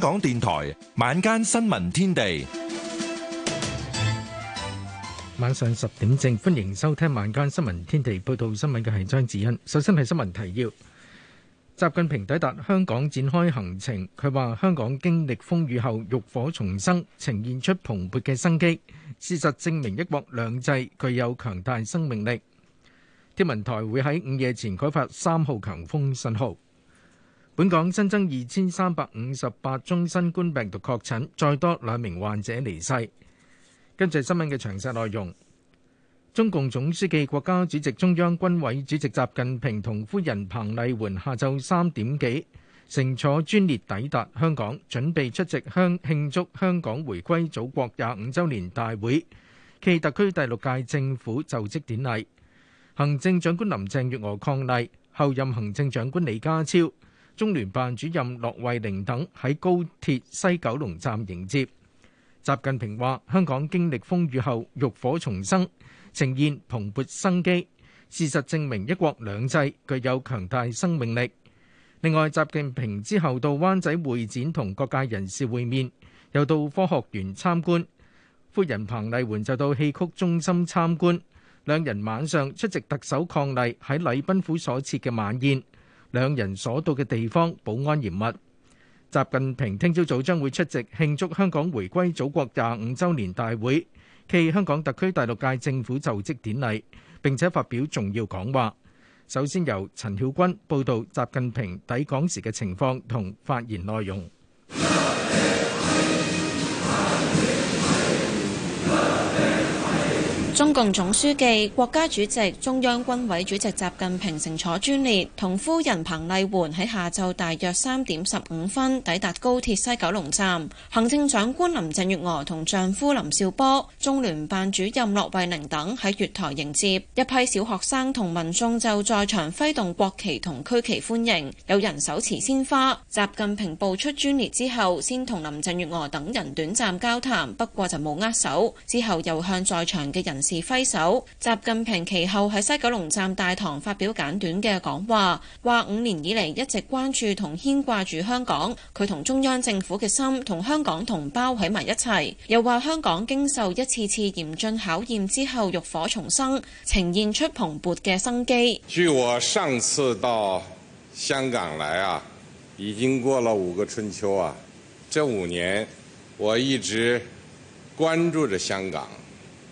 香港電台晚間新聞天地，晚上十點正，歡迎收聽晚間新聞天地。報道新聞嘅係張子欣。首先係新聞提要：習近平抵達香港展開行程，佢話香港經歷風雨後浴火重生，呈現出蓬勃嘅生機。事實證明，一國兩制具有強大生命力。天文台會喺午夜前改發三號強風信號。本港新增二千三百五十八宗新冠病毒確診，再多兩名患者離世。跟住新聞嘅詳細內容，中共總書記、國家主席、中央軍委主席習近平同夫人彭麗媛下晝三點幾乘坐專列抵達香港，準備出席香慶祝香港回歸祖國廿五週年大會暨特區第六屆政府就職典禮。行政長官林鄭月娥伉儷候任行政長官李家超。中聯辦主任駱惠寧等喺高鐵西九龍站迎接。習近平話：香港經歷風雨後，浴火重生，呈現蓬勃生機。事實證明，一國兩制具有強大生命力。另外，習近平之後到灣仔會展同各界人士會面，又到科學園參觀。夫人彭麗媛就到戲曲中心參觀。兩人晚上出席特首伉儷喺禮賓府所設嘅晚宴。兩人所到嘅地方，保安嚴密。習近平聽朝早將會出席慶祝香港回歸祖國廿五周年大會暨香港特區第六屆政府就職典禮，並且發表重要講話。首先由陳曉君報道習近平抵港時嘅情況同發言內容。中共總書記、國家主席、中央軍委主席習近平乘坐專列，同夫人彭麗媛喺下晝大約三點十五分抵達高鐵西九龍站。行政長官林鄭月娥同丈夫林兆波、中聯辦主任駱慧玲駱惠寧等喺月台迎接。一批小學生同民眾就在場揮動國旗同區旗歡迎，有人手持鮮花。習近平步出專列之後，先同林鄭月娥等人短暫交談，不過就冇握手。之後又向在場嘅人。是揮手，習近平其後喺西九龍站大堂發表簡短嘅講話，話五年以嚟一直關注同牽掛住香港，佢同中央政府嘅心同香港同胞喺埋一齊，又話香港經受一次次嚴峻考驗之後浴火重生，呈現出蓬勃嘅生機。據我上次到香港來啊，已經過了五個春秋啊，這五年我一直關注着香港。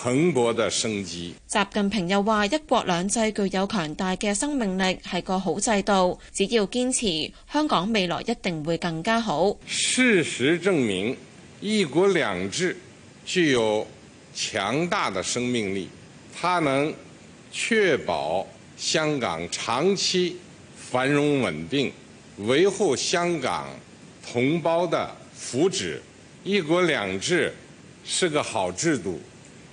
蓬勃的生機。習近平又話：一國兩制具有強大嘅生命力，係個好制度。只要堅持，香港未來一定會更加好。事實證明，一國兩制具有強大的生命力，它能確保香港長期繁榮穩定，維護香港同胞的福祉。一國兩制是個好制度。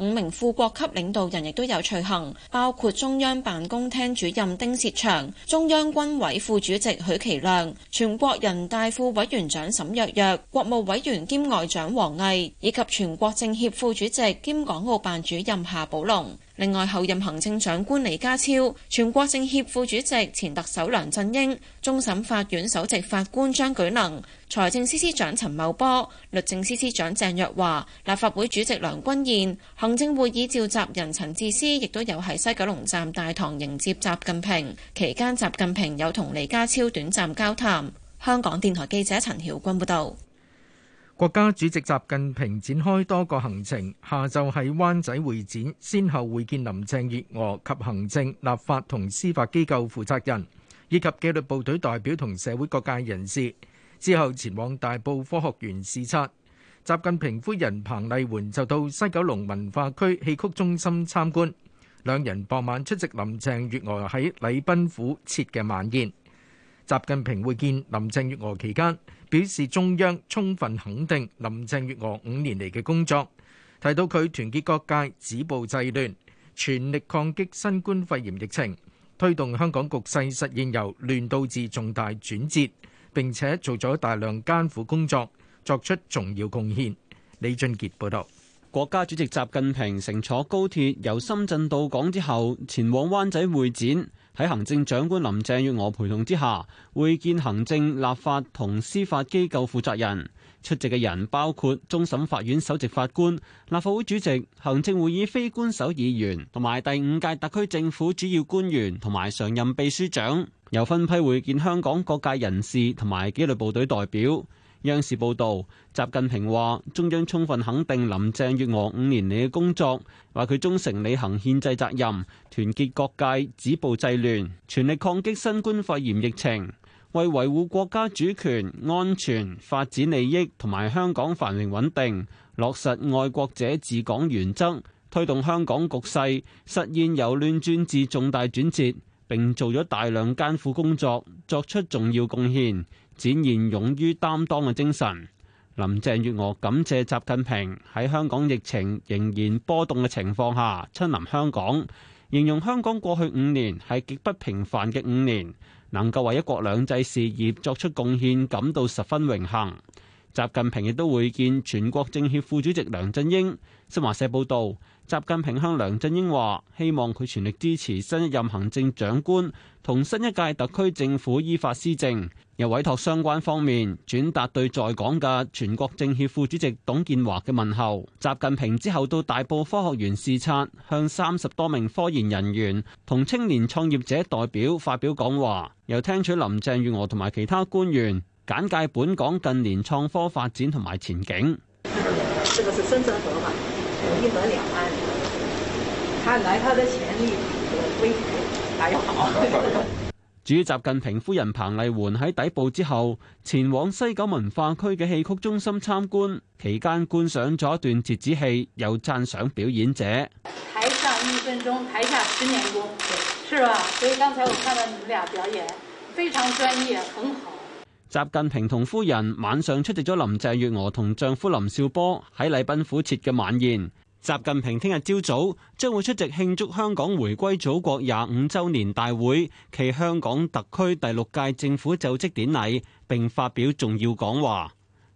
五名副國級領導人亦都有隨行，包括中央辦公廳主任丁薛祥、中央軍委副主席許其亮、全國人大副委員長沈躍躍、國務委員兼外長王毅以及全國政協副主席兼港澳辦主任夏寶龍。另外，候任行政長官李家超、全國政協副主席前特首梁振英、終審法院首席法官張舉能、財政司司長陳茂波、律政司司長鄭若驊、立法會主席梁君彥、行政會議召集人陳智思，亦都有喺西九龍站大堂迎接習近平。期間，習近平有同李家超短暫交談。香港電台記者陳曉君報導。國家主席習近平展開多個行程，下晝喺灣仔會展，先後會見林鄭月娥及行政、立法同司法機構負責人，以及紀律部隊代表同社會各界人士。之後前往大埔科學園視察。習近平夫人彭麗媛就到西九龍文化區戲曲中心參觀。兩人傍晚出席林鄭月娥喺禮賓府設嘅晚宴。習近平會見林鄭月娥期間，表示中央充分肯定林鄭月娥五年嚟嘅工作，提到佢團結各界、止暴制亂，全力抗擊新冠肺炎疫情，推動香港局勢實現由亂到治重大轉折，並且做咗大量艱苦工作，作出重要貢獻。李俊杰報道，國家主席習近平乘坐高鐵由深圳到港之後前往灣仔會展。喺行政長官林鄭月娥陪同之下，會見行政、立法同司法機構負責人，出席嘅人包括終審法院首席法官、立法會主席、行政會議非官守議員同埋第五屆特區政府主要官員同埋常任秘書長，又分批會見香港各界人士同埋紀律部隊代表。央視報導，習近平話：中央充分肯定林鄭月娥五年嚟嘅工作，話佢忠誠履行憲制責任，團結各界，止暴制亂，全力抗擊新冠肺炎疫情，為維護國家主權、安全、發展利益同埋香港繁榮穩定，落實愛國者治港原則，推動香港局勢，實現由亂轉治重大轉折，並做咗大量艱苦工作，作出重要貢獻。展現勇於擔當嘅精神。林鄭月娥感謝習近平喺香港疫情仍然波動嘅情況下親臨香港，形容香港過去五年係極不平凡嘅五年，能夠為一國兩制事業作出貢獻，感到十分榮幸。習近平亦都會見全國政協副主席梁振英。新華社報道，習近平向梁振英話，希望佢全力支持新一任行政長官同新一屆特區政府依法施政。又委託相關方面轉達對在港嘅全國政協副主席董建華嘅問候。習近平之後到大埔科學園視察，向三十多名科研人員同青年創業者代表發表講話，又聽取林鄭月娥同埋其他官員簡介本港近年創科發展同埋前景。 主習近平夫人彭麗媛喺抵埗之後，前往西九文化區嘅戲曲中心參觀，期間觀賞咗一段折子戲，又讚賞表演者。台上一分鐘，台下十年功，是吧？所以剛才我看到你們倆表演非常專業，很好。習近平同夫人晚上出席咗林鄭月娥同丈夫林兆波喺禮賓府設嘅晚宴。習近平聽日朝早將會出席慶祝香港回歸祖國廿五周年大會暨香港特區第六屆政府就職典禮，並發表重要講話。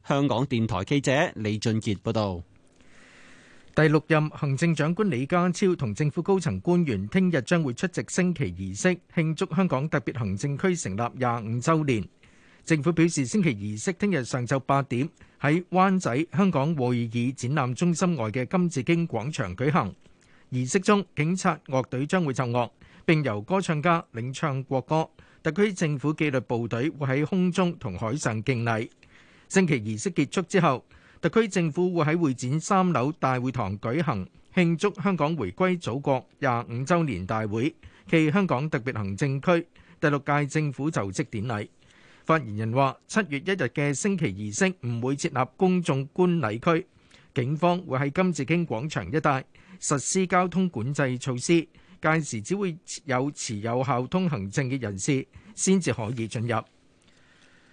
香港電台記者李俊杰報道，第六任行政長官李家超同政府高層官員聽日將會出席升旗儀式，慶祝香港特別行政區成立廿五周年。政府表示，星期儀式聽日上晝八點喺灣仔香港會議展覽中心外嘅金紫荊廣場舉行。儀式中，警察樂隊將會奏樂，並由歌唱家領唱國歌。特區政府紀律部隊會喺空中同海上敬禮。星期儀式結束之後，特區政府會喺會展三樓大會堂舉行慶祝香港回歸祖國廿五週年大會暨香港特別行政區第六屆政府就職典禮。發言人話：七月一日嘅升旗儀式唔會設立公眾觀禮區，警方會喺金紫荊廣場一帶實施交通管制措施，屆時只會有持有效通行證嘅人士先至可以進入。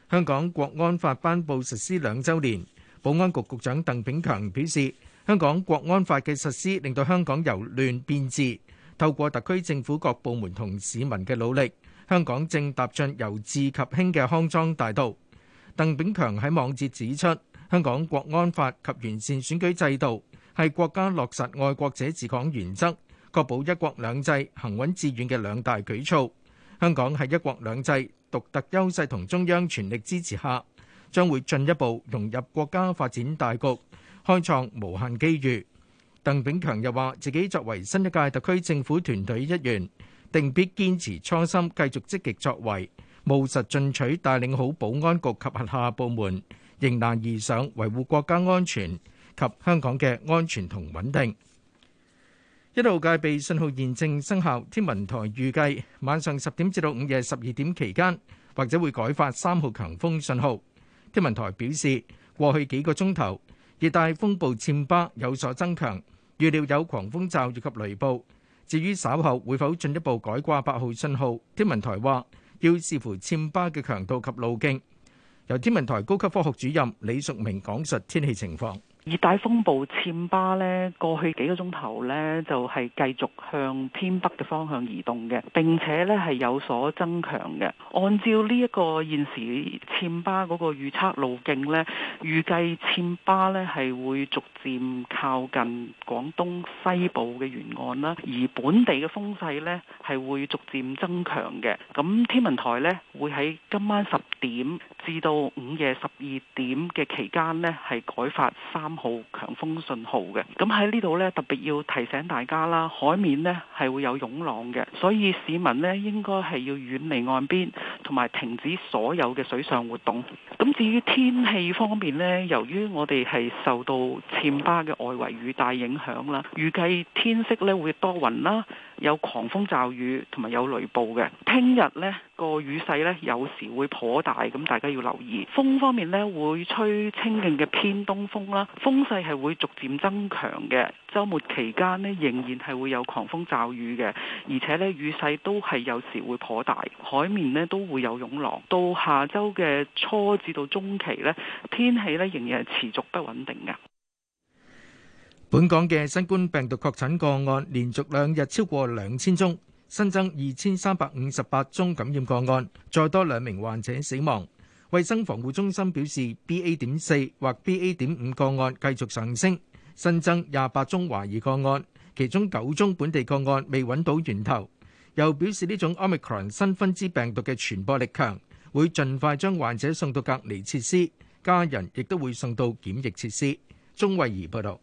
香港國安法頒布實施兩週年，保安局局長鄧炳強表示，香港國安法嘅實施令到香港由亂變治，透過特區政府各部門同市民嘅努力。香港正踏進由治及興嘅康莊大道。鄧炳強喺網誌指出，香港國安法及完善選舉制度係國家落實愛國者治港原則、確保一國兩制行穩致遠嘅兩大舉措。香港喺一國兩制獨特優勢同中央全力支持下，將會進一步融入國家發展大局，開創無限機遇。鄧炳強又話：自己作為新一屆特區政府團隊一員。定必堅持初心，繼續積極作為，務實進取，帶領好保安局及轄下部門，迎難而上，維護國家安全及香港嘅安全同穩定。一號戒備信號現正生效，天文台預計晚上十點至到午夜十二點期間，或者會改發三號強風信號。天文台表示，過去幾個鐘頭熱帶風暴綿巴有所增強，預料有狂風驟雨及雷暴。至於稍後會否進一步改掛八號信號，天文台話要視乎颱巴嘅強度及路徑。由天文台高級科學主任李淑明講述天氣情況。熱帶風暴暹巴呢，過去幾個鐘頭呢就係繼續向偏北嘅方向移動嘅，並且呢係有所增強嘅。按照呢一個現時暹巴嗰個預測路徑呢，預計暹巴呢係會逐漸靠近廣東西部嘅沿岸啦，而本地嘅風勢呢係會逐漸增強嘅。咁天文台呢會喺今晚十點至到午夜十二點嘅期間呢係改發三號強風信號嘅，咁喺呢度呢，特別要提醒大家啦，海面呢係會有湧浪嘅，所以市民呢應該係要遠離岸邊，同埋停止所有嘅水上活動。咁至於天氣方面呢，由於我哋係受到淺巴嘅外圍雨帶影響啦，預計天色呢會多雲啦。有狂風驟雨同埋有雷暴嘅，聽日呢個雨勢呢，勢有時會頗大，咁大家要留意。風方面呢，會吹清勁嘅偏東風啦，風勢係會逐漸增強嘅。周末期間呢，仍然係會有狂風驟雨嘅，而且呢，雨勢都係有時會頗大，海面呢，都會有湧浪。到下周嘅初至到中期呢，天氣呢，仍然係持續不穩定嘅。本港嘅新冠病毒確診個案連續兩日超過兩千宗，新增二千三百五十八宗感染個案，再多兩名患者死亡。衛生防護中心表示，BA. 點四或 BA. 點五個案繼續上升，新增廿八宗懷疑個案，其中九宗本地個案未揾到源頭。又表示呢種 Omicron 新分支病毒嘅傳播力強，會盡快將患者送到隔離設施，家人亦都會送到檢疫設施。鐘慧儀報道。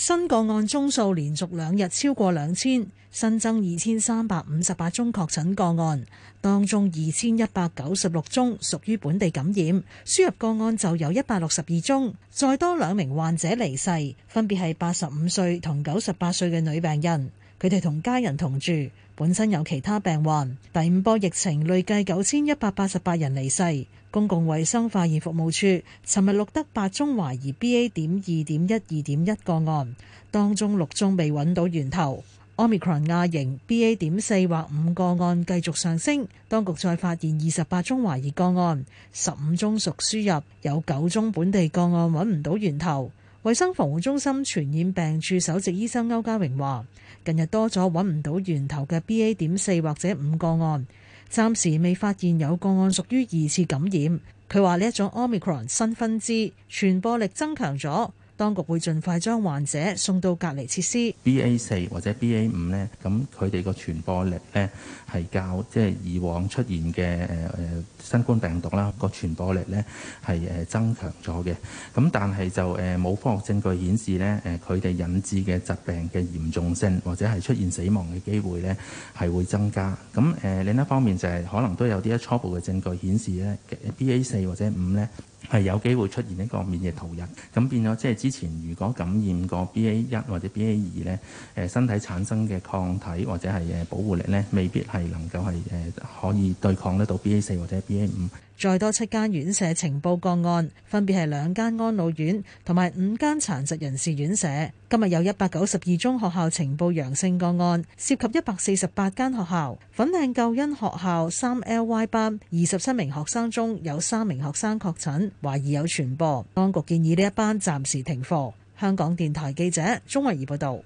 新個案宗數連續兩日超過兩千，新增二千三百五十八宗確診個案，當中二千一百九十六宗屬於本地感染，輸入個案就有一百六十二宗。再多兩名患者離世，分別係八十五歲同九十八歲嘅女病人。佢哋同家人同住，本身有其他病患。第五波疫情累計九千一百八十八人離世。公共衛生化驗服務處尋日錄得八宗懷疑 B A. 點二點一二點一個案，當中六宗未揾到源頭。Omicron 亞型 B A. 點四或五個案繼續上升，當局再發現二十八宗懷疑個案，十五宗屬輸入，有九宗本地個案揾唔到源頭。衛生防護中心傳染病處首席醫生歐家榮話。近日多咗揾唔到源頭嘅 BA. 點四或者五個案，暫時未發現有個案屬於二次感染。佢話呢一種 Omicron 新分支傳播力增強咗，當局會盡快將患者送到隔離設施。BA 四或者 BA 五呢，咁佢哋個傳播力咧。係較即係以往出現嘅誒、呃、新冠病毒啦，個傳播力咧係誒增強咗嘅。咁但係就誒冇科學證據顯示咧誒佢哋引致嘅疾病嘅嚴重性或者係出現死亡嘅機會咧係會增加。咁誒、呃、另一方面就係、是、可能都有啲一初步嘅證據顯示咧，B A 四或者五咧係有機會出現一個免疫逃逸。咁變咗即係之前如果感染過 B A 一或者 B A 二咧，誒身體產生嘅抗體或者係誒保護力咧未必係。係能夠係可以對抗得到 BA 四或者 BA 五。再多七間院舍呈報個案，分別係兩間安老院同埋五間殘疾人士院舍。今日有一百九十二宗學校呈報陽性個案，涉及一百四十八間學校。粉嶺救恩學校三 LY 班二十七名學生中有三名學生確診，懷疑有傳播。當局建議呢一班暫時停課。香港電台記者鍾慧儀報道。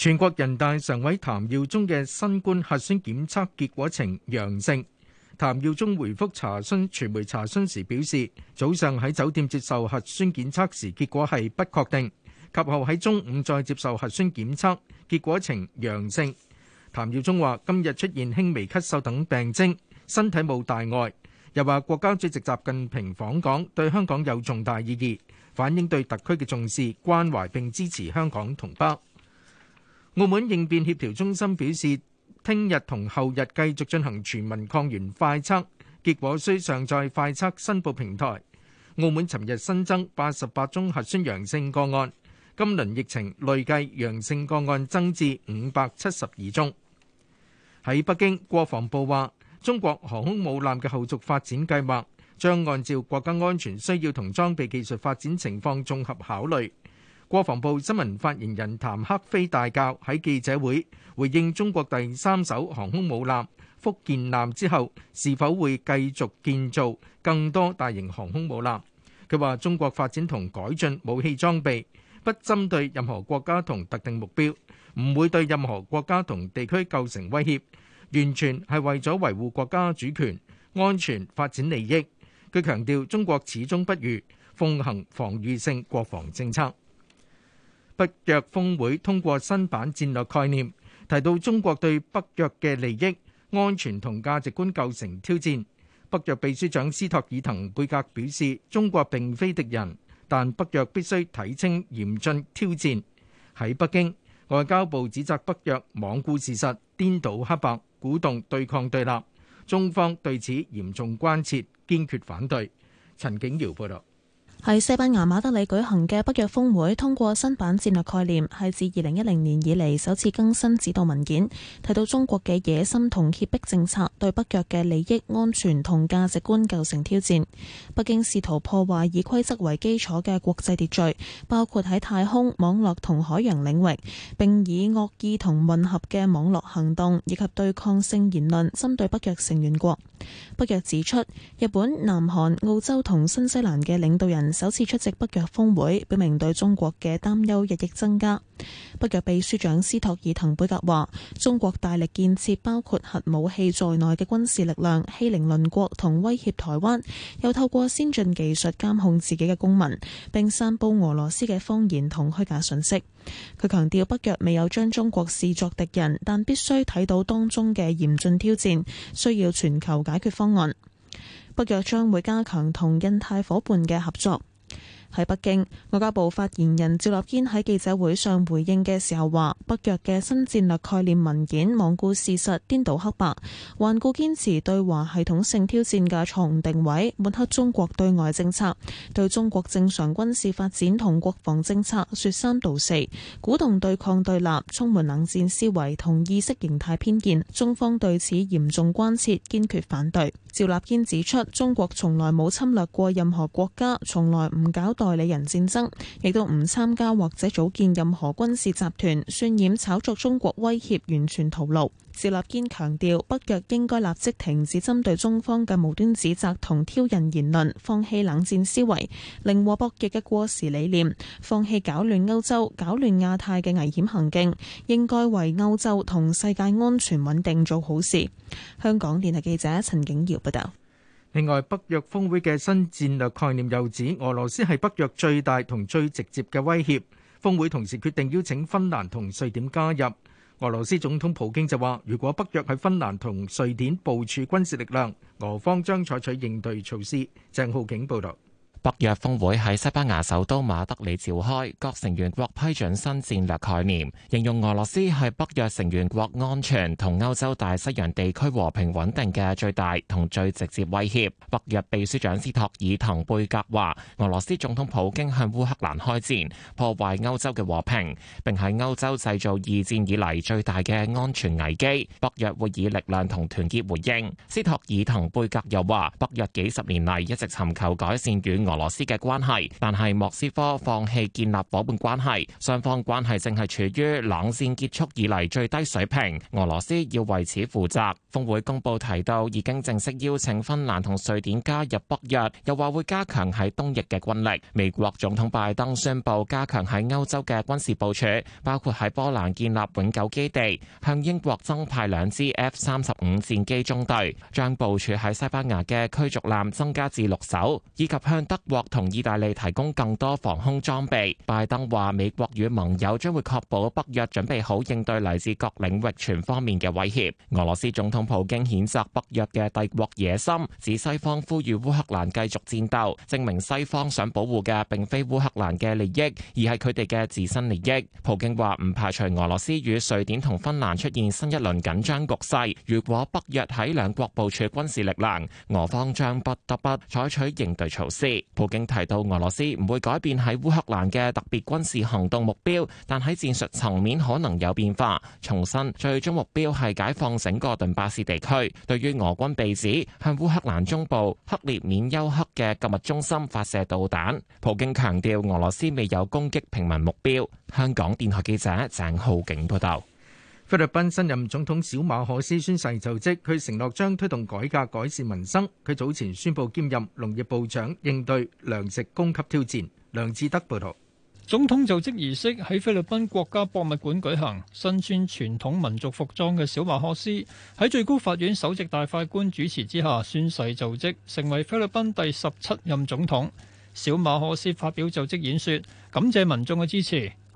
全國人大常委譚耀宗嘅新冠核酸檢測結果呈陽性。譚耀宗回覆查詢，傳媒查詢時表示，早上喺酒店接受核酸檢測時結果係不確定，及後喺中午再接受核酸檢測，結果呈陽性。譚耀宗話：今日出現輕微咳嗽等病徵，身體冇大礙。又話國家主席習近平訪港對香港有重大意義，反映對特區嘅重視、關懷並支持香港同胞。澳門應變協調中心表示，聽日同後日繼續進行全民抗原快測，結果需上載快測申報平台。澳門尋日新增八十八宗核酸陽性個案，今輪疫情累計陽性個案增至五百七十二宗。喺北京，國防部話，中國航空母艦嘅後續發展計劃將按照國家安全需要同裝備技術發展情況綜合考慮。國防部新聞發言人譚克非大校喺記者會回應中國第三艘航空母艦福建艦之後，是否會繼續建造更多大型航空母艦，佢話：中國發展同改進武器裝備，不針對任何國家同特定目標，唔會對任何國家同地區構成威脅，完全係為咗維護國家主權、安全發展利益。佢強調，中國始終不渝奉行防禦性國防政策。北約峰會通過新版戰略概念，提到中國對北約嘅利益、安全同價值觀構成挑戰。北約秘書長斯托爾滕貝格表示，中國並非敵人，但北約必須睇清嚴峻挑戰。喺北京，外交部指責北約罔顧事實、顛倒黑白、鼓動對抗對立，中方對此嚴重關切，堅決反對。陳景堯報道。喺西班牙馬德里舉行嘅北約峰會通過新版戰略概念，係自二零一零年以嚟首次更新指導文件。提到中國嘅野心同脅迫政策對北約嘅利益、安全同價值觀構成挑戰。北京試圖破壞以規則為基礎嘅國際秩序，包括喺太空、網絡同海洋領域。並以惡意同混合嘅網絡行動以及對抗性言論針對北約成員國。北約指出，日本、南韓、澳洲同新西蘭嘅領導人，首次出席北約峰會，表明對中國嘅擔憂日益增加。北約秘書長斯托爾滕貝格話，中國大力建設包括核武器在內嘅軍事力量，欺凌鄰國同威脅台灣，又透過先進技術監控自己嘅公民，並散布俄羅斯嘅謊言同虛假信息。佢強調，北約未有將中國視作敵人，但必須睇到當中嘅嚴峻挑戰，需要全球解決方案。北約將會加強同印太夥伴嘅合作。喺北京，外交部發言人趙立堅喺記者會上回應嘅時候話，北約嘅新戰略概念文件罔顧事實顛倒黑白，頑固堅持對華系統性挑戰嘅錯誤定位，抹黑中國對外政策，對中國正常軍事發展同國防政策說三道四，鼓動對抗對立，充滿冷戰思維同意識形態偏見，中方對此嚴重關切，堅決反對。趙立堅指出，中國從來冇侵略過任何國家，從來唔搞代理人戰爭，亦都唔參加或者組建任何軍事集團，渲染炒作中國威脅，完全徒勞。趙立堅強調，北約應該立即停止針對中方嘅無端指責同挑釁言論，放棄冷戰思維、零和博弈嘅過時理念，放棄搞亂歐洲、搞亂亞太嘅危險行徑，應該為歐洲同世界安全穩定做好事。香港電台記者陳景瑤報道。另外，北約峰會嘅新戰略概念又指，俄羅斯係北約最大同最直接嘅威脅。峰會同時決定邀請芬蘭同瑞典加入。俄羅斯總統普京就話，如果北約喺芬蘭同瑞典部署軍事力量，俄方將採取應對措施。鄭浩景報導。北約峰會喺西班牙首都馬德里召開，各成員國批准新戰略概念，形容俄羅斯係北約成員國安全同歐洲大西洋地區和平穩定嘅最大同最直接威脅。北約秘書長斯托爾滕貝格話，俄羅斯總統普京向烏克蘭開戰，破壞歐洲嘅和平，並喺歐洲製造二戰以嚟，最大嘅安全危機。北約會以力量同團結回應。斯托爾滕貝格又話，北約幾十年嚟，一直尋求改善與。俄羅斯嘅關係，但係莫斯科放棄建立夥伴關係，雙方關係正係處於冷戰結束以嚟最低水平。俄羅斯要為此負責。峰會公布提到，已經正式邀請芬蘭同瑞典加入北約，又話會加強喺東翼嘅軍力。美國總統拜登宣布加強喺歐洲嘅軍事部署，包括喺波蘭建立永久基地，向英國增派兩支 F 三十五戰機中隊，將部署喺西班牙嘅驅逐艦增加至六艘，以及向德德國同意大利提供更多防空裝備。拜登話，美國與盟友將會確保北約準備好應對來自各領域全方面嘅威脅。俄羅斯總統普京譴責北約嘅帝國野心，指西方呼籲烏克蘭繼續戰鬥，證明西方想保護嘅並非烏克蘭嘅利益，而係佢哋嘅自身利益。普京話唔排除俄羅斯與瑞典同芬蘭出現新一輪緊張局勢。如果北約喺兩國部署軍事力量，俄方將不得不採取應對措施。普京提到，俄羅斯唔會改變喺烏克蘭嘅特別軍事行動目標，但喺戰術層面可能有變化。重申最終目標係解放整個頓巴斯地區。對於俄軍被指向烏克蘭中部克列緬丘克嘅購物中心發射導彈，普京強調俄羅斯未有攻擊平民目標。香港電台記者鄭浩景報道。菲律賓新任總統小馬可斯宣誓就職，佢承諾將推動改革改善民生。佢早前宣布兼任農業部長，應對糧食供給挑戰。梁志德報道。總統就職儀式喺菲律賓國家博物館舉行。身穿傳統民族服裝嘅小馬可斯喺最高法院首席大法官主持之下宣誓就職，成為菲律賓第十七任總統。小馬可斯發表就職演說，感謝民眾嘅支持。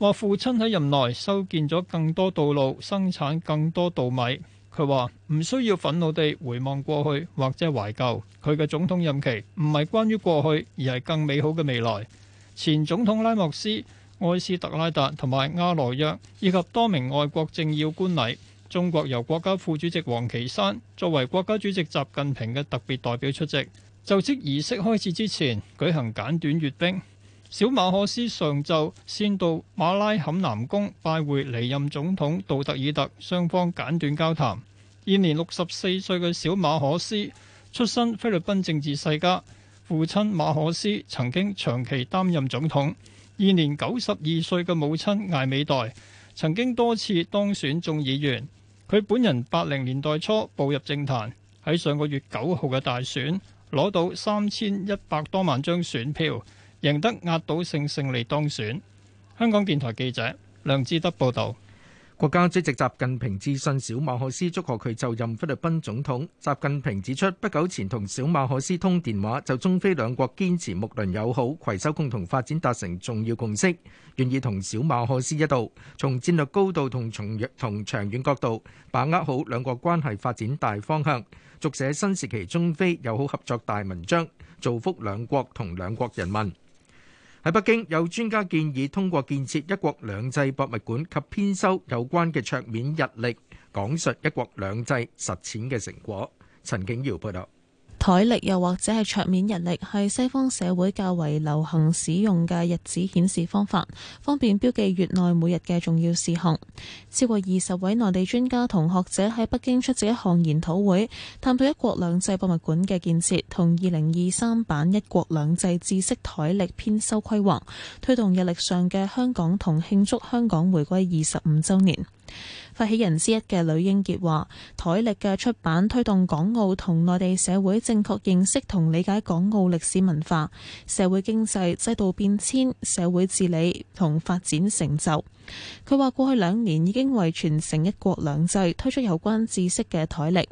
話父親喺任內修建咗更多道路，生產更多稻米。佢話唔需要憤怒地回望過去或者懷舊。佢嘅總統任期唔係關於過去，而係更美好嘅未來。前總統拉莫斯、埃斯特拉達同埋阿羅約以及多名外國政要觀禮。中國由國家副主席王岐山作為國家主席習近平嘅特別代表出席。就職儀式開始之前舉行簡短閱兵。小馬可斯上晝先到馬拉坎南宮拜會離任總統杜特爾特，雙方簡短交談。現年六十四歲嘅小馬可斯出身菲律賓政治世家，父親馬可斯曾經長期擔任總統，現年九十二歲嘅母親艾美代曾經多次當選眾議員。佢本人八零年代初步入政壇，喺上個月九號嘅大選攞到三千一百多萬張選票。贏得壓倒性勝利當選。香港電台記者梁志德報導。國家主席習近平致信小馬可斯祝賀佢就任菲律賓總統。習近平指出，不久前同小馬可斯通電話，就中菲兩國堅持睦鄰友好、攜手共同發展達成重要共識，願意同小馬可斯一道，從戰略高度同長遠角度，把握好兩國關係發展大方向，續寫新時期中菲友好合作大文章，造福兩國同兩國人民。喺北京，有專家建議通過建設一國兩制博物館及編修有關嘅桌面日曆，講述一國兩制實踐嘅成果。陳景耀報道。台曆又或者係桌面日曆，係西方社會較為流行使用嘅日子顯示方法，方便標記月內每日嘅重要事項。超過二十位內地專家同學者喺北京出席一項研討會，探討一國兩制博物館嘅建設同二零二三版一國兩制知識台曆編修規劃，推動日曆上嘅香港同慶祝香港回歸二十五周年。發起人之一嘅呂英傑話：台曆嘅出版推動港澳同內地社會正確認識同理解港澳歷史文化、社會經濟制度變遷、社會治理同發展成就。佢話：過去兩年已經為傳承一國兩制推出有關知識嘅台歷。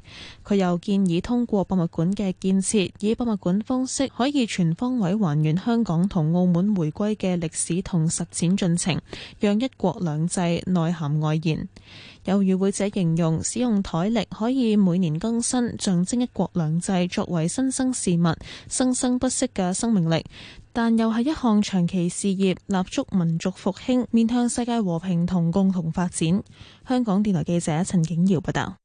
佢又建議通過博物館嘅建設，以博物館方式可以全方位還原香港同澳門回歸嘅歷史同實踐進程，讓一國兩制內涵外延。有與會者形容，使用台歷可以每年更新，象徵一國兩制作為新生事物生生不息嘅生命力。但又係一項長期事業，立足民族復興，面向世界和平同共同發展。香港電台記者陳景瑤報道。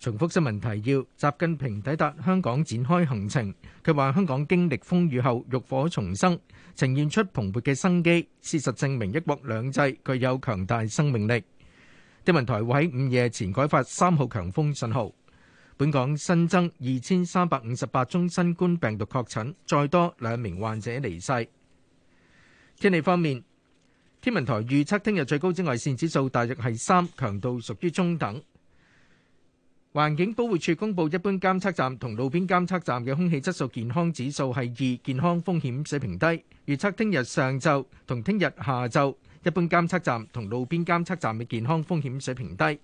重複新聞提要：習近平抵達香港，展開行程。佢話：香港經歷風雨後，浴火重生，呈現出蓬勃嘅生機，事實證明一國兩制具有強大生命力。天文台會喺午夜前改發三號強風信號。本港新增二千三百五十八宗新冠病毒確診，再多兩名患者離世。天氣方面，天文臺預測聽日最高紫外綫指數大約係三，強度屬於中等。環境保護署公布，一般監測站同路邊監測站嘅空氣質素健康指數係二，健康風險水平低。預測聽日上晝同聽日下晝，一般監測站同路邊監測站嘅健康風險水平低。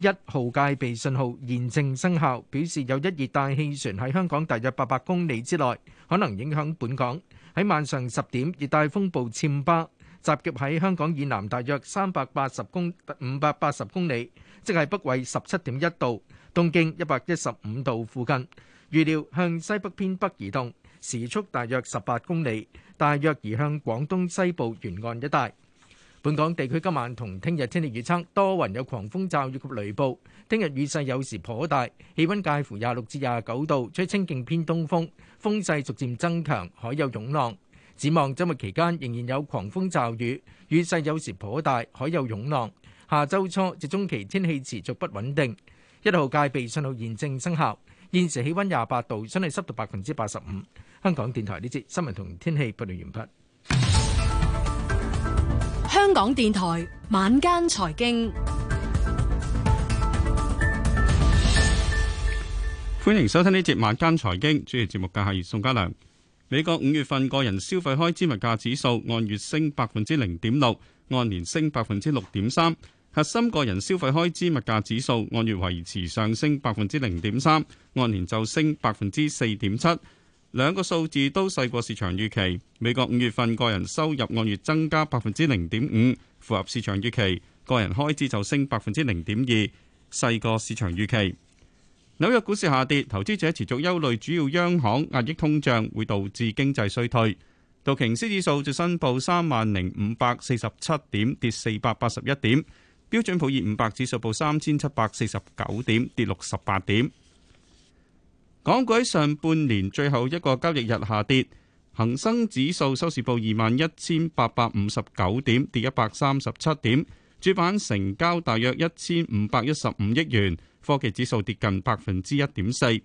一號戒備信號現正生效，表示有一熱帶氣旋喺香港大約八百公里之內，可能影響本港。喺晚上十點，熱帶風暴暹巴集結喺香港以南大約三百八十公五百八十公里，即係北緯十七點一度、東經一百一十五度附近。預料向西北偏北移動，時速大約十八公里，大約移向廣東西部沿岸一帶。本港地區今晚同聽日天氣預測，多雲有狂風驟雨及雷暴，聽日雨勢有時頗大，氣温介乎廿六至廿九度，吹清勁偏東風，風勢逐漸增強，海有湧浪。展望周末期間仍然有狂風驟雨，雨勢有時頗大，海有湧浪。下週初至中期天氣持續不穩定，一號戒備信號現正生效。現時氣温廿八度，相對濕度百分之八十五。香港電台呢節新聞同天氣報道完畢。香港電台晚間財經，歡迎收聽呢節晚間財經主持節目嘅係宋家良。美國五月份個人消費開支物價指數按月升百分之零點六，按年升百分之六點三。核心個人消費開支物價指數按月維持上升百分之零點三，按年就升百分之四點七。兩個數字都細過市場預期。美國五月份個人收入按月增加百分之零點五，符合市場預期；個人開支就升百分之零點二，細過市場預期。紐約股市下跌，投資者持續憂慮主要央行壓抑通脹會導致經濟衰退。道瓊斯指數最新報三萬零五百四十七點，跌四百八十一點；標準普爾五百指數報三千七百四十九點，跌六十八點。港股喺上半年最後一個交易日下跌，恒生指數收市報二萬一千八百五十九點，跌一百三十七點。主板成交大約一千五百一十五億元，科技指數跌近百分之一點四。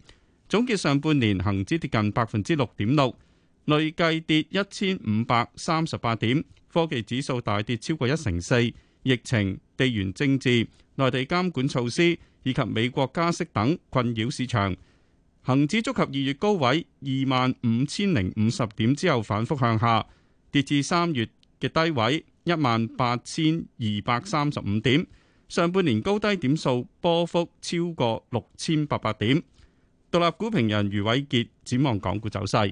總結上半年，恒指跌近百分之六點六，累計跌一千五百三十八點。科技指數大跌超過一成四，疫情、地緣政治、內地監管措施以及美國加息等困擾市場。恒指觸及二月高位二萬五千零五十點之後，反覆向下，跌至三月嘅低位一萬八千二百三十五點。上半年高低點數波幅超過六千八百點。獨立股評人余偉傑展望港股走勢。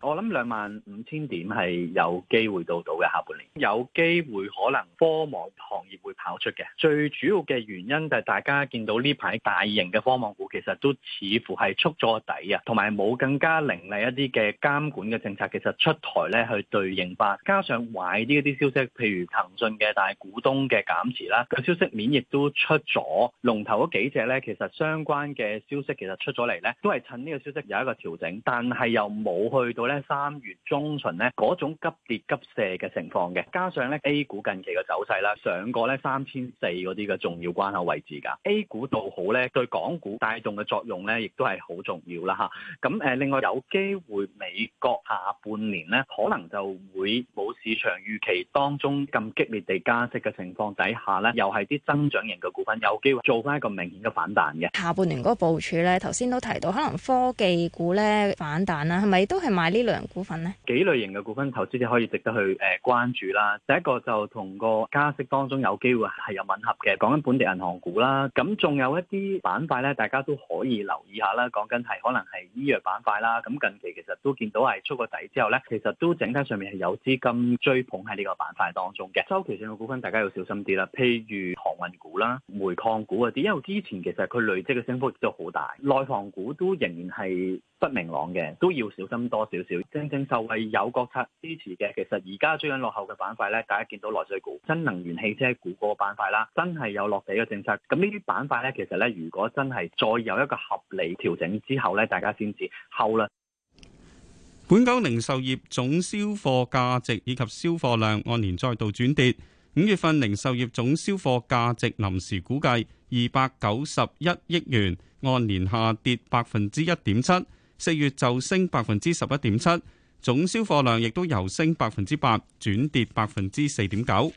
我諗兩萬五千點係有機會到到嘅，下半年，有機會可能科網行業會跑出嘅。最主要嘅原因就係大家見到呢排大型嘅科網股其實都似乎係觸咗底啊，同埋冇更加凌厲一啲嘅監管嘅政策，其實出台咧去對應化。加上壞啲一啲消息，譬如騰訊嘅大股東嘅減持啦，個消息面亦都出咗龍頭嗰幾隻咧，其實相關嘅消息其實出咗嚟咧，都係趁呢個消息有一個調整，但係又冇去到。咧三月中旬咧嗰種急跌急瀉嘅情況嘅，加上咧 A 股近期嘅走勢啦，上過咧三千四嗰啲嘅重要關口位置㗎。A 股倒好咧，對港股帶動嘅作用咧，亦都係好重要啦吓，咁誒，另外有機會美國下半年咧，可能就會冇市場預期當中咁激烈地加息嘅情況底下咧，又係啲增長型嘅股份有機會做翻一個明顯嘅反彈嘅。下半年嗰個部署咧，頭先都提到，可能科技股咧反彈啦，係咪都係買呢？幾類型嘅股份投資者可以值得去誒、呃、關注啦。第一個就同個加息當中有機會係有吻合嘅，講緊本地銀行股啦。咁仲有一啲板塊呢，大家都可以留意下啦。講緊係可能係醫藥板塊啦。咁近期其實都見到係出個底之後呢，其實都整體上面係有資金追捧喺呢個板塊當中嘅。週期性嘅股份大家要小心啲啦，譬如航運股啦、煤礦股嗰啲，因為之前其實佢累積嘅升幅都好大。內房股都仍然係。不明朗嘅都要小心多少少。正正就係有國策支持嘅，其實而家最近落後嘅板塊咧，大家見到內需股、新能源汽車股嗰個板塊啦，真係有落地嘅政策。咁呢啲板塊咧，其實咧，如果真係再有一個合理調整之後咧，大家先至后啦。本港零售業總銷貨價值以及銷貨量按年再度轉跌。五月份零售業總銷貨價值臨時估計二百九十一億元，按年下跌百分之一點七。四月就升百分之十一點七，總銷貨量亦都由升百分之八轉跌百分之四點九。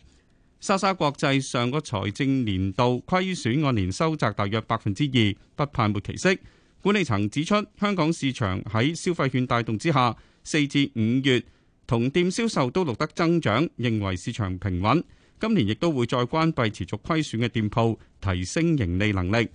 莎莎國際上個財政年度虧損按年收窄大約百分之二，不派末期息。管理層指出，香港市場喺消費券帶動之下，四至五月同店銷售都錄得增長，認為市場平穩。今年亦都會再關閉持續虧損嘅店鋪，提升盈利能力。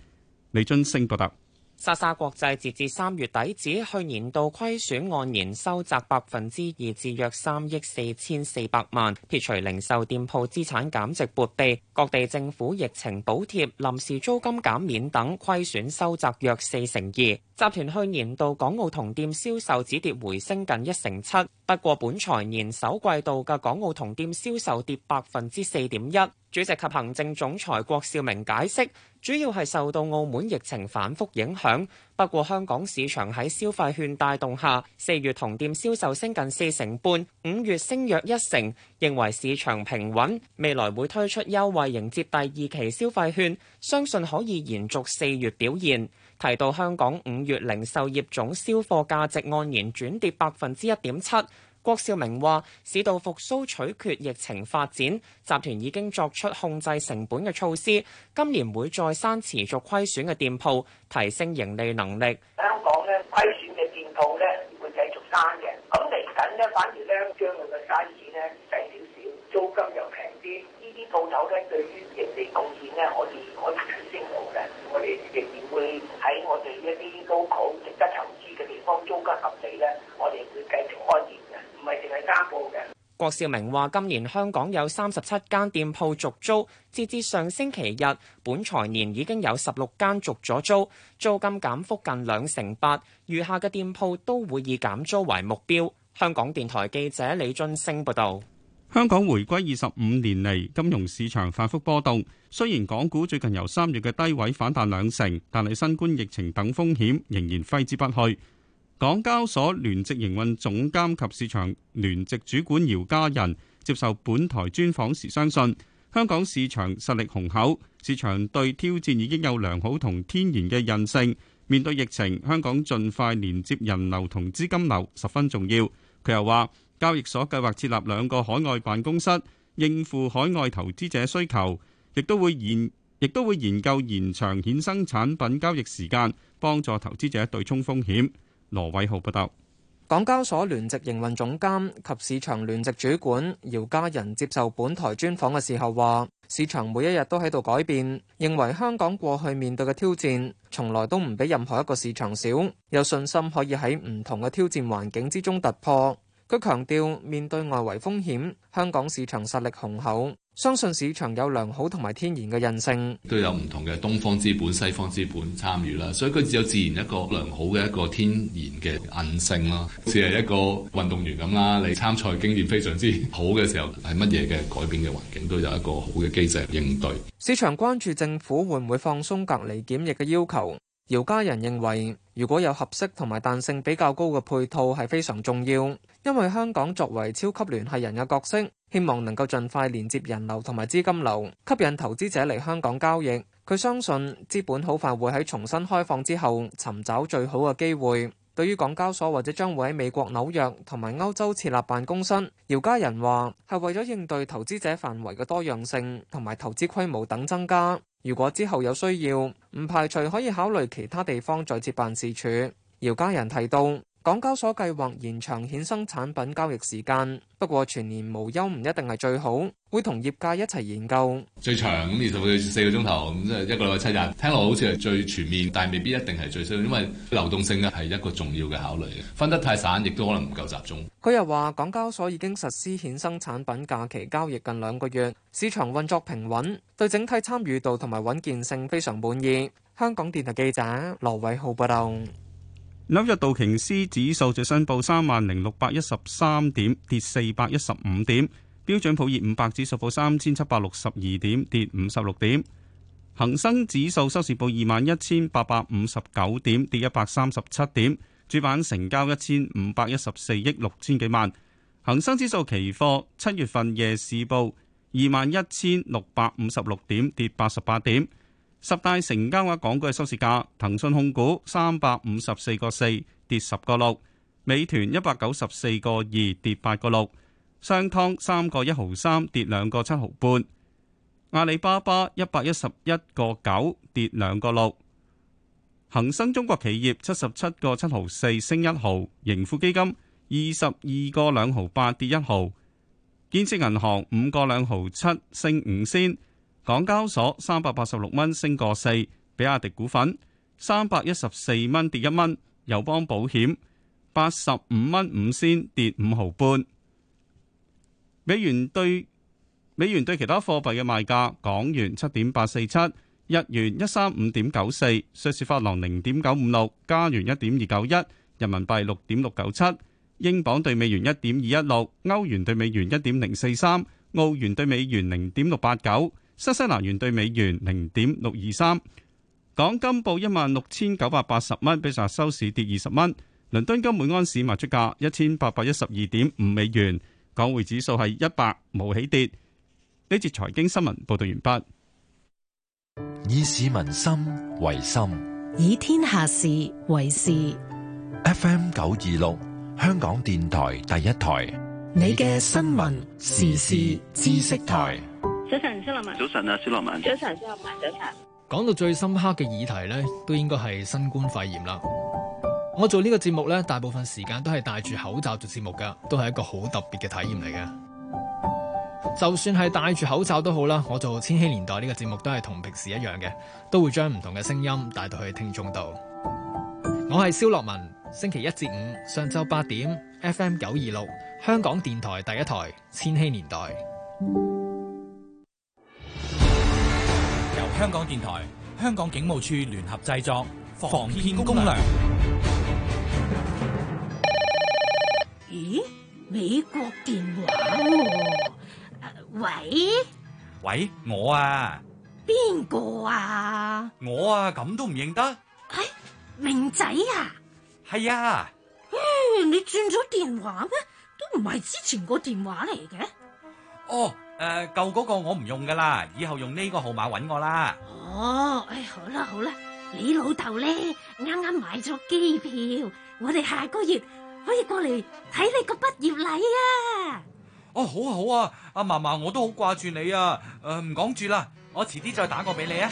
李津升報道。莎莎國際截至三月底止，去年度虧損按年收窄百分之二至約三億四千四百萬，撇除零售店鋪資產減值撥備、各地政府疫情補貼、臨時租金減免等，虧損收窄約四成二。集團去年度港澳同店銷售止跌回升近一成七，不過本財年首季度嘅港澳同店銷售跌百分之四點一。主席及行政總裁郭少明解釋。主要係受到澳門疫情反覆影響，不過香港市場喺消費券帶動下，四月同店銷售升近四成半，五月升約一成，認為市場平穩，未來會推出優惠迎接第二期消費券，相信可以延續四月表現。提到香港五月零售業總銷貨價值按年轉跌百分之一點七。郭少明話：市道復甦取決疫情發展，集團已經作出控制成本嘅措施。今年會再刪持續虧損嘅店鋪，提升盈利能力。香港咧虧損嘅店鋪咧會繼續刪嘅，咁嚟緊呢，反而咧將佢嘅間店呢，細少少，租金又平啲。呢啲鋪頭呢，對於盈利貢獻咧，我哋可以提升到嘅。我哋仍然會喺我哋一啲 local 值得投資嘅地方租金合理呢，我哋會繼續開。唔係淨係加鋪嘅。郭少明話：今年香港有三十七間店鋪續租，截至上星期日，本財年已經有十六間續咗租，租金減幅近兩成八。餘下嘅店鋪都會以減租為目標。香港電台記者李俊升報導。香港回歸二十五年嚟，金融市場反覆波動。雖然港股最近由三月嘅低位反彈兩成，但係新冠疫情等風險仍然揮之不去。港交所聯席營運總監及市場聯席主管姚嘉仁接受本台專訪時，相信香港市場實力雄厚，市場對挑戰已經有良好同天然嘅韌性。面對疫情，香港盡快連接人流同資金流十分重要。佢又話交易所計劃設立兩個海外辦公室，應付海外投資者需求，亦都會研亦都會研究延長衍生產品交易時間，幫助投資者對沖風險。羅偉浩報道，港交所聯席營運總監及市場聯席主管姚嘉仁接受本台專訪嘅時候話，市場每一日都喺度改變，認為香港過去面對嘅挑戰從來都唔比任何一個市場少，有信心可以喺唔同嘅挑戰環境之中突破。佢強調，面對外圍風險，香港市場實力雄厚。相信市場有良好同埋天然嘅韌性，都有唔同嘅東方資本、西方資本參與啦，所以佢只有自然一個良好嘅一個天然嘅韌性咯，只係一個運動員咁啦，你參賽經驗非常之好嘅時候，係乜嘢嘅改變嘅環境都有一個好嘅機制應對。市場關注政府會唔會放鬆隔離檢疫嘅要求，姚家仁認為，如果有合適同埋彈性比較高嘅配套係非常重要，因為香港作為超級聯繫人嘅角色，希望能夠盡快連接人流同埋資金流，吸引投資者嚟香港交易。佢相信資本好快會喺重新開放之後尋找最好嘅機會。對於港交所或者將會喺美國紐約同埋歐洲設立辦公室，姚家仁話係為咗應對投資者範圍嘅多樣性同埋投資規模等增加。如果之後有需要，唔排除可以考慮其他地方再設辦事處。姚家人提到。港交所計劃延長衍生產品交易時間，不過全年無休唔一定係最好，會同業界一齊研究。最長二十四個鐘頭，即係一個禮拜七日，聽落好似係最全面，但係未必一定係最好，因為流動性咧係一個重要嘅考慮。分得太散，亦都可能唔夠集中。佢又話，港交所已經實施衍生產品假期交易近兩個月，市場運作平穩，對整體參與度同埋穩健性非常滿意。香港電台記者羅偉浩報道。紐約道瓊斯指數最新報三萬零六百一十三點，跌四百一十五點；標準普爾五百指數報三千七百六十二點，跌五十六點；恒生指數收市報二萬一千八百五十九點，跌一百三十七點。主板成交一千五百一十四億六千幾萬。恒生指數期貨七月份夜市報二萬一千六百五十六點，跌八十八點。十大成交額港股嘅收市價，騰訊控股三百五十四個四跌十個六，美團一百九十四個二跌八個六，商湯三個一毫三跌兩個七毫半，阿里巴巴一百一十一個九跌兩個六，恒生中國企業七十七個七毫四升一毫，盈富基金二十二個兩毫八跌一毫，建設銀行五個兩毫七升五仙。港交所三百八十六蚊升個四，比亞迪股份三百一十四蚊跌一蚊，友邦保險八十五蚊五仙跌五毫半。美元兌美元兌其他貨幣嘅賣價，港元七點八四七，日元一三五點九四，瑞士法郎零點九五六，加元一點二九一，人民幣六點六九七，英鎊兌美元一點二一六，歐元兌美元一點零四三，澳元兌美元零點六八九。新西蘭元兌美元零點六二三，港金報一萬六千九百八十蚊，比上日收市跌二十蚊。倫敦金每盎司賣出價一千八百一十二點五美元，港匯指數係一百，無起跌。呢節財經新聞報道完畢。以市民心為心，以天下事為事。F M 九二六，香港電台第一台，你嘅新聞時事知識台。早晨，蕭樂文。早晨啊，蕭樂文。早晨啊，蕭樂文，早晨啊。講到最深刻嘅議題咧，都應該係新冠肺炎啦。我做呢個節目咧，大部分時間都係戴住口罩做節目噶，都係一個好特別嘅體驗嚟嘅。就算係戴住口罩都好啦，我做千禧年代呢個節目都係同平時一樣嘅，都會將唔同嘅聲音帶到去聽眾度。我係蕭樂文，星期一至五上晝八點，FM 九二六，香港電台第一台，千禧年代。香港電台、香港警務處聯合製作《防騙攻略》。咦、欸？美國電話、啊啊？喂？喂，我啊？邊個啊？我啊？咁都唔認得？哎，明仔啊？係啊。嗯，你轉咗電話咩？都唔係之前個電話嚟嘅。哦。誒，舊嗰個我唔用噶啦，以後用呢個號碼搵我啦。哦，誒、哎，好啦好啦，你老豆咧啱啱買咗機票，我哋下個月可以過嚟睇你個畢業禮啊。哦，好啊好啊，阿嫲嫲我都好掛住你啊。誒、呃，唔講住啦，我遲啲再打個俾你啊。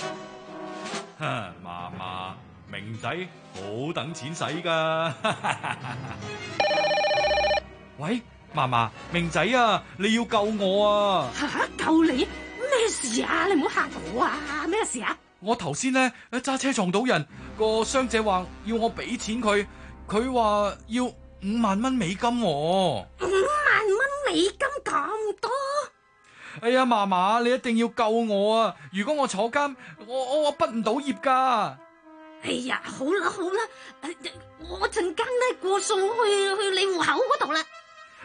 哼， 嫲嫲，明仔好等錢使噶。 喂。嫲嫲，明仔啊，你要救我啊！吓、啊、救你咩事啊？你唔好吓我啊！咩事啊？我頭先咧揸車撞到人，個傷者話要我俾錢佢，佢話要五萬蚊美金喎。五萬蚊美金咁多？哎呀，嫲嫲，你一定要救我啊！如果我坐監，我我我畢唔到業噶。哎呀，好啦好啦，我陣間咧過數去去你戶口嗰度啦。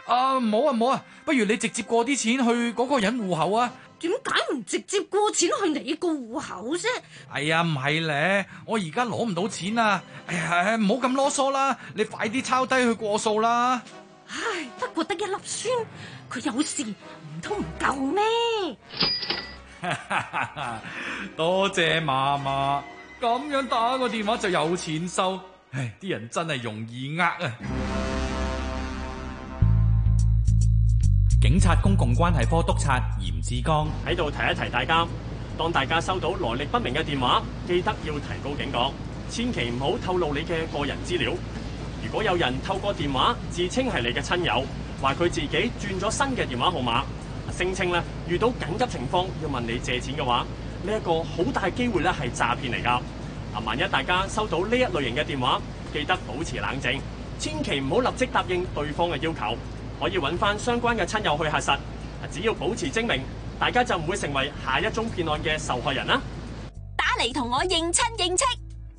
啊，唔好啊唔好啊，不如你直接過啲錢去嗰個人戶口啊？點解唔直接過錢去你個戶口啫？係啊、哎，唔係咧，我而家攞唔到錢啊！哎呀，唔好咁囉嗦啦，你快啲抄低去過數啦！唉，不過得一粒酸，佢有事唔通唔夠咩？ 多謝嫲嫲，咁樣打個電話就有錢收，唉，啲人真係容易呃啊！警察公共關係科督察嚴志剛喺度提一提大家，當大家收到來歷不明嘅電話，記得要提高警覺，千祈唔好透露你嘅個人資料。如果有人透過電話自稱係你嘅親友，話佢自己轉咗新嘅電話號碼，聲稱呢，遇到緊急情況要問你借錢嘅話，呢、這、一個好大機會咧，係詐騙嚟噶。嗱，萬一大家收到呢一類型嘅電話，記得保持冷靜，千祈唔好立即答應對方嘅要求。可以揾翻相關嘅親友去核實，只要保持精明，大家就唔會成為下一宗騙案嘅受害人啦。打嚟同我認親認戚，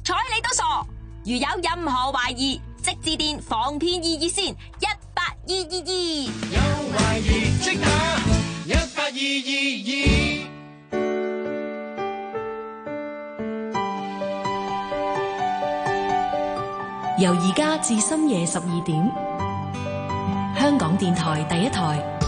睬你都傻。如有任何懷疑，即致電防騙易熱線一八二二二。有懷疑即打一八二二二。由而家至深夜十二點。香港電台第一台。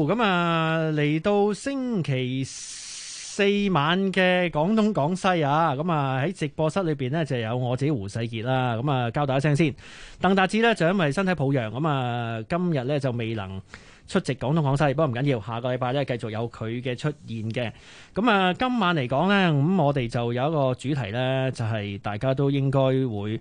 咁啊，嚟到星期四晚嘅廣東廣西啊，咁啊喺直播室裏邊咧就有我自己胡世杰啦，咁啊交代一聲先。鄧達志咧就因為身體抱恙，咁啊今日咧就未能出席廣東廣西，不過唔緊要，下個禮拜咧繼續有佢嘅出現嘅。咁啊今晚嚟講咧，咁我哋就有一個主題咧，就係大家都應該會。